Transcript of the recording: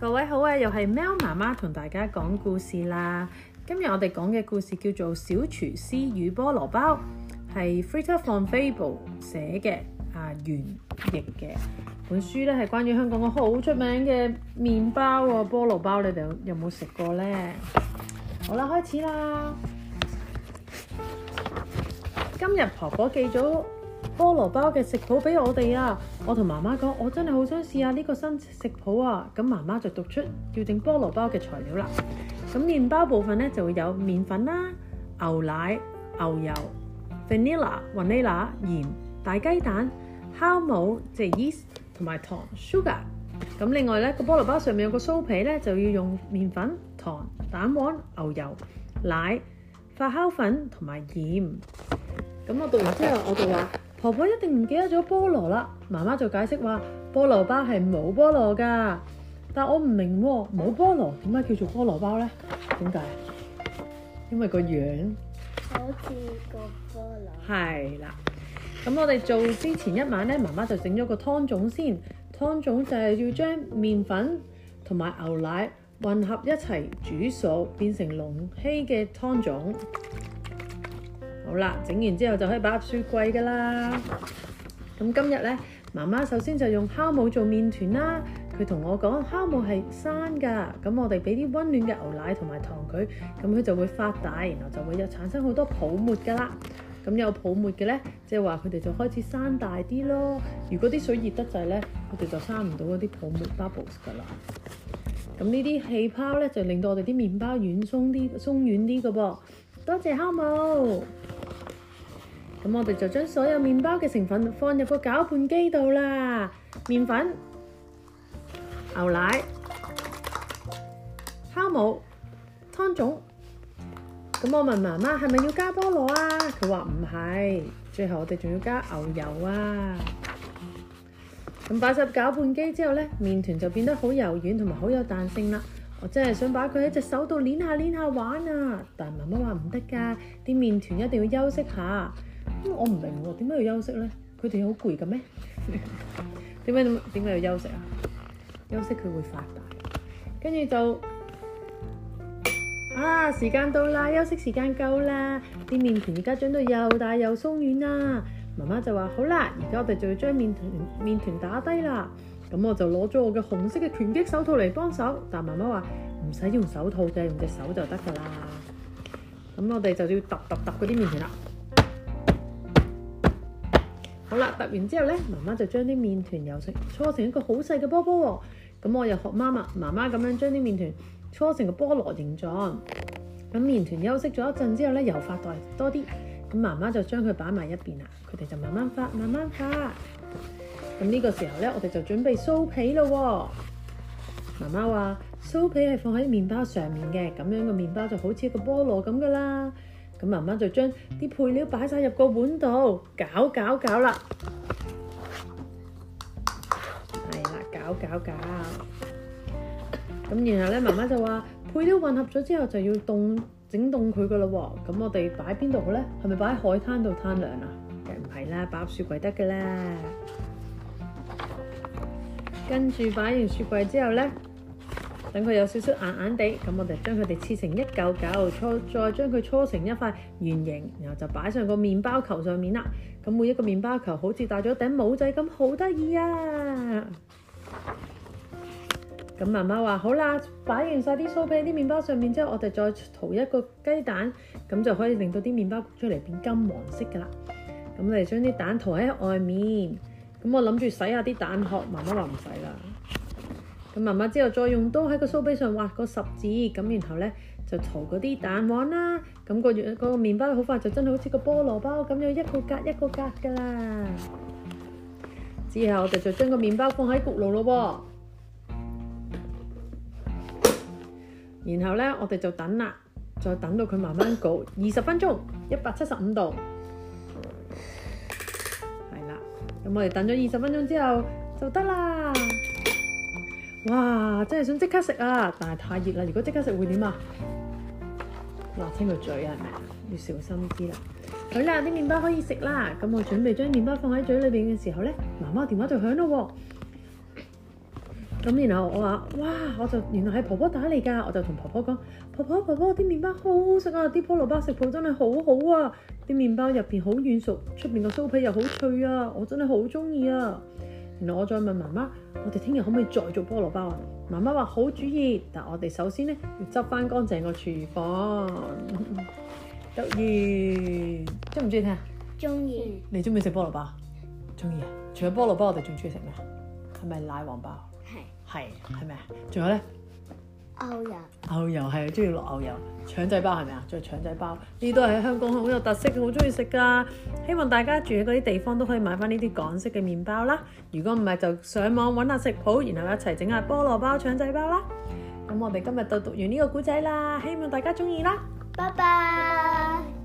各位好啊，又係喵媽媽同大家講故事啦。今日我哋講嘅故事叫做《小廚師與菠蘿包》，係《Fritter von Fable》寫嘅啊原譯嘅本書咧，係關於香港個好出名嘅麵包啊菠蘿包，你哋有冇食過呢？好啦，開始啦。今日婆婆寄咗。菠蘿包嘅食譜俾我哋啊！我同媽媽講，我真係好想試下呢個新食譜啊！咁媽媽就讀出要整菠蘿包嘅材料啦。咁麵包部分呢，就會有麵粉啦、牛奶、牛油、vanilla、vanilla、鹽、大雞蛋、酵母即係 yeast 同埋糖 sugar。咁另外呢，個菠蘿包上面有個酥皮呢，就要用麵粉、糖、蛋黃、牛油、奶、發酵粉同埋鹽。咁我讀完之後，我就話。婆婆一定唔記得咗菠蘿啦，媽媽就解釋話菠蘿包係冇菠蘿噶，但我唔明喎，冇菠蘿點解叫做菠蘿包呢？點解？因為個樣好似個菠蘿。係啦，咁我哋做之前一晚呢，媽媽就整咗個湯種先，湯種就係要將麵粉同埋牛奶混合一齊煮熟，變成濃稀嘅湯種。好啦，整完之後就可以擺入雪櫃噶啦。咁今日呢，媽媽首先就用酵母做麵團啦。佢同我講，酵母係生噶。咁我哋俾啲溫暖嘅牛奶同埋糖佢，咁佢就會發大，然後就會有產生好多泡沫噶啦。咁有泡沫嘅呢，即係話佢哋就開始生大啲咯。如果啲水熱得滯呢，佢哋就生唔到嗰啲泡沫 bubbles 噶啦。咁呢啲氣泡呢，就令到我哋啲麵包軟鬆啲、鬆軟啲噶噃。多謝酵母，咁我哋就將所有麵包嘅成分放入個攪拌機度啦。麵粉、牛奶、酵母、湯種，咁我問媽媽係咪要加菠蘿啊？佢話唔係，最後我哋仲要加牛油啊。咁擺入攪拌機之後呢，麵團就變得好柔軟同埋好有彈性啦。我真係想把佢喺隻手度捏下捏下玩啊！但媽媽話唔得㗎，啲麵團一定要休息下。咁我唔明喎，點解要休息呢？佢哋好攰㗎咩？點解點解要休息啊？休息佢會發大。跟住就啊，時間到啦，休息時間夠啦，啲麵團而家長到又大又鬆軟啦。媽媽就話：好啦，而家我哋就要將麵團麵團打低啦。咁我就攞咗我嘅紅色嘅拳擊手套嚟幫手，但媽媽話唔使用手套嘅，用隻手就得噶啦。咁我哋就要揼揼揼嗰啲麵團啦。好啦，揼完之後呢，媽媽就將啲麵團揉成，搓成一個好細嘅波波喎。咁我又學媽媽媽媽咁樣將啲麵團搓成一個菠蘿形狀。咁麵團休息咗一陣之後呢，又發袋多啲。咁媽媽就將佢擺埋一邊啦，佢哋就慢慢發，慢慢發。咁呢個時候呢，我哋就準備酥皮咯喎。媽媽話酥皮係放喺麵包上面嘅，咁樣個麵包就好似個菠蘿咁噶啦。咁媽媽就將啲配料擺晒入個碗度，攪攪攪啦。係啦，攪攪攪。咁然後呢，媽媽就話配料混合咗之後就要凍整凍佢噶啦。咁我哋擺邊度好呢？係咪擺喺海灘度攤涼啊？梗唔係啦，擺雪櫃得嘅啦。跟住擺完雪櫃之後呢，等佢有少少硬硬地，咁我哋將佢哋切成一嚿嚿，搓再將佢搓成一塊圓形，然後就擺上個麵包球上面啦。咁每一個麵包球好似戴咗頂帽仔咁，啊，好得意啊！咁媽媽話好啦，擺完晒啲酥皮啲麵包上面之後，我哋再塗一個雞蛋，咁就可以令到啲麵包焗出嚟變金黃色噶啦。咁我哋將啲蛋塗喺外面。咁我諗住洗下啲蛋殼，媽媽話唔使啦。咁媽媽之後再用刀喺個酥皮上挖個十字，咁然後呢，就塗嗰啲蛋黃啦。咁、個個麵包好快就真係好似個菠蘿包咁樣，一個格一個格噶啦。之後我哋就將個麵包放喺焗爐咯。然後呢，我哋就等啦，再等到佢慢慢焗，二十分鐘，一百七十五度。咁我哋等咗二十分鐘之後就得啦。哇，真係想即刻食啊！但係太熱啦，如果即刻食會點啊？辣親個嘴係咪？要小心啲啦。好啦，啲麵包可以食啦。咁我準備將麵包放喺嘴裏面嘅時候咧，媽媽電話就響啦喎，啊。咁然後我話：哇！我就原來係婆婆打嚟㗎，我就同婆婆講：婆婆婆婆，啲麵包好好食啊！啲菠蘿包食譜真係好好啊！啲麵包入邊好軟熟，出邊個酥皮又好脆啊！我真係好中意啊！然後我再問媽媽：我哋聽日可唔可以再做菠蘿包啊？媽媽話：好主意！但我哋首先咧要執翻乾淨個廚房。 得意，中唔中意聽啊？中意。你中唔中意食菠蘿包？中意啊！除咗菠蘿包，我哋仲中意食咩？係咪奶黃包？係，係咪？啊？仲有咧，牛油，牛油係，中意落牛油，腸仔包係咪啊？仲有腸仔包，呢啲都喺香港好有特色，好中意食噶。希望大家住喺嗰啲地方都可以買翻呢啲港式嘅麵包啦。如果唔係就上網揾下食譜，然後一齊整下菠蘿包、腸仔包啦。咁我哋今日就讀完呢個古仔啦，希望大家中意啦。拜拜。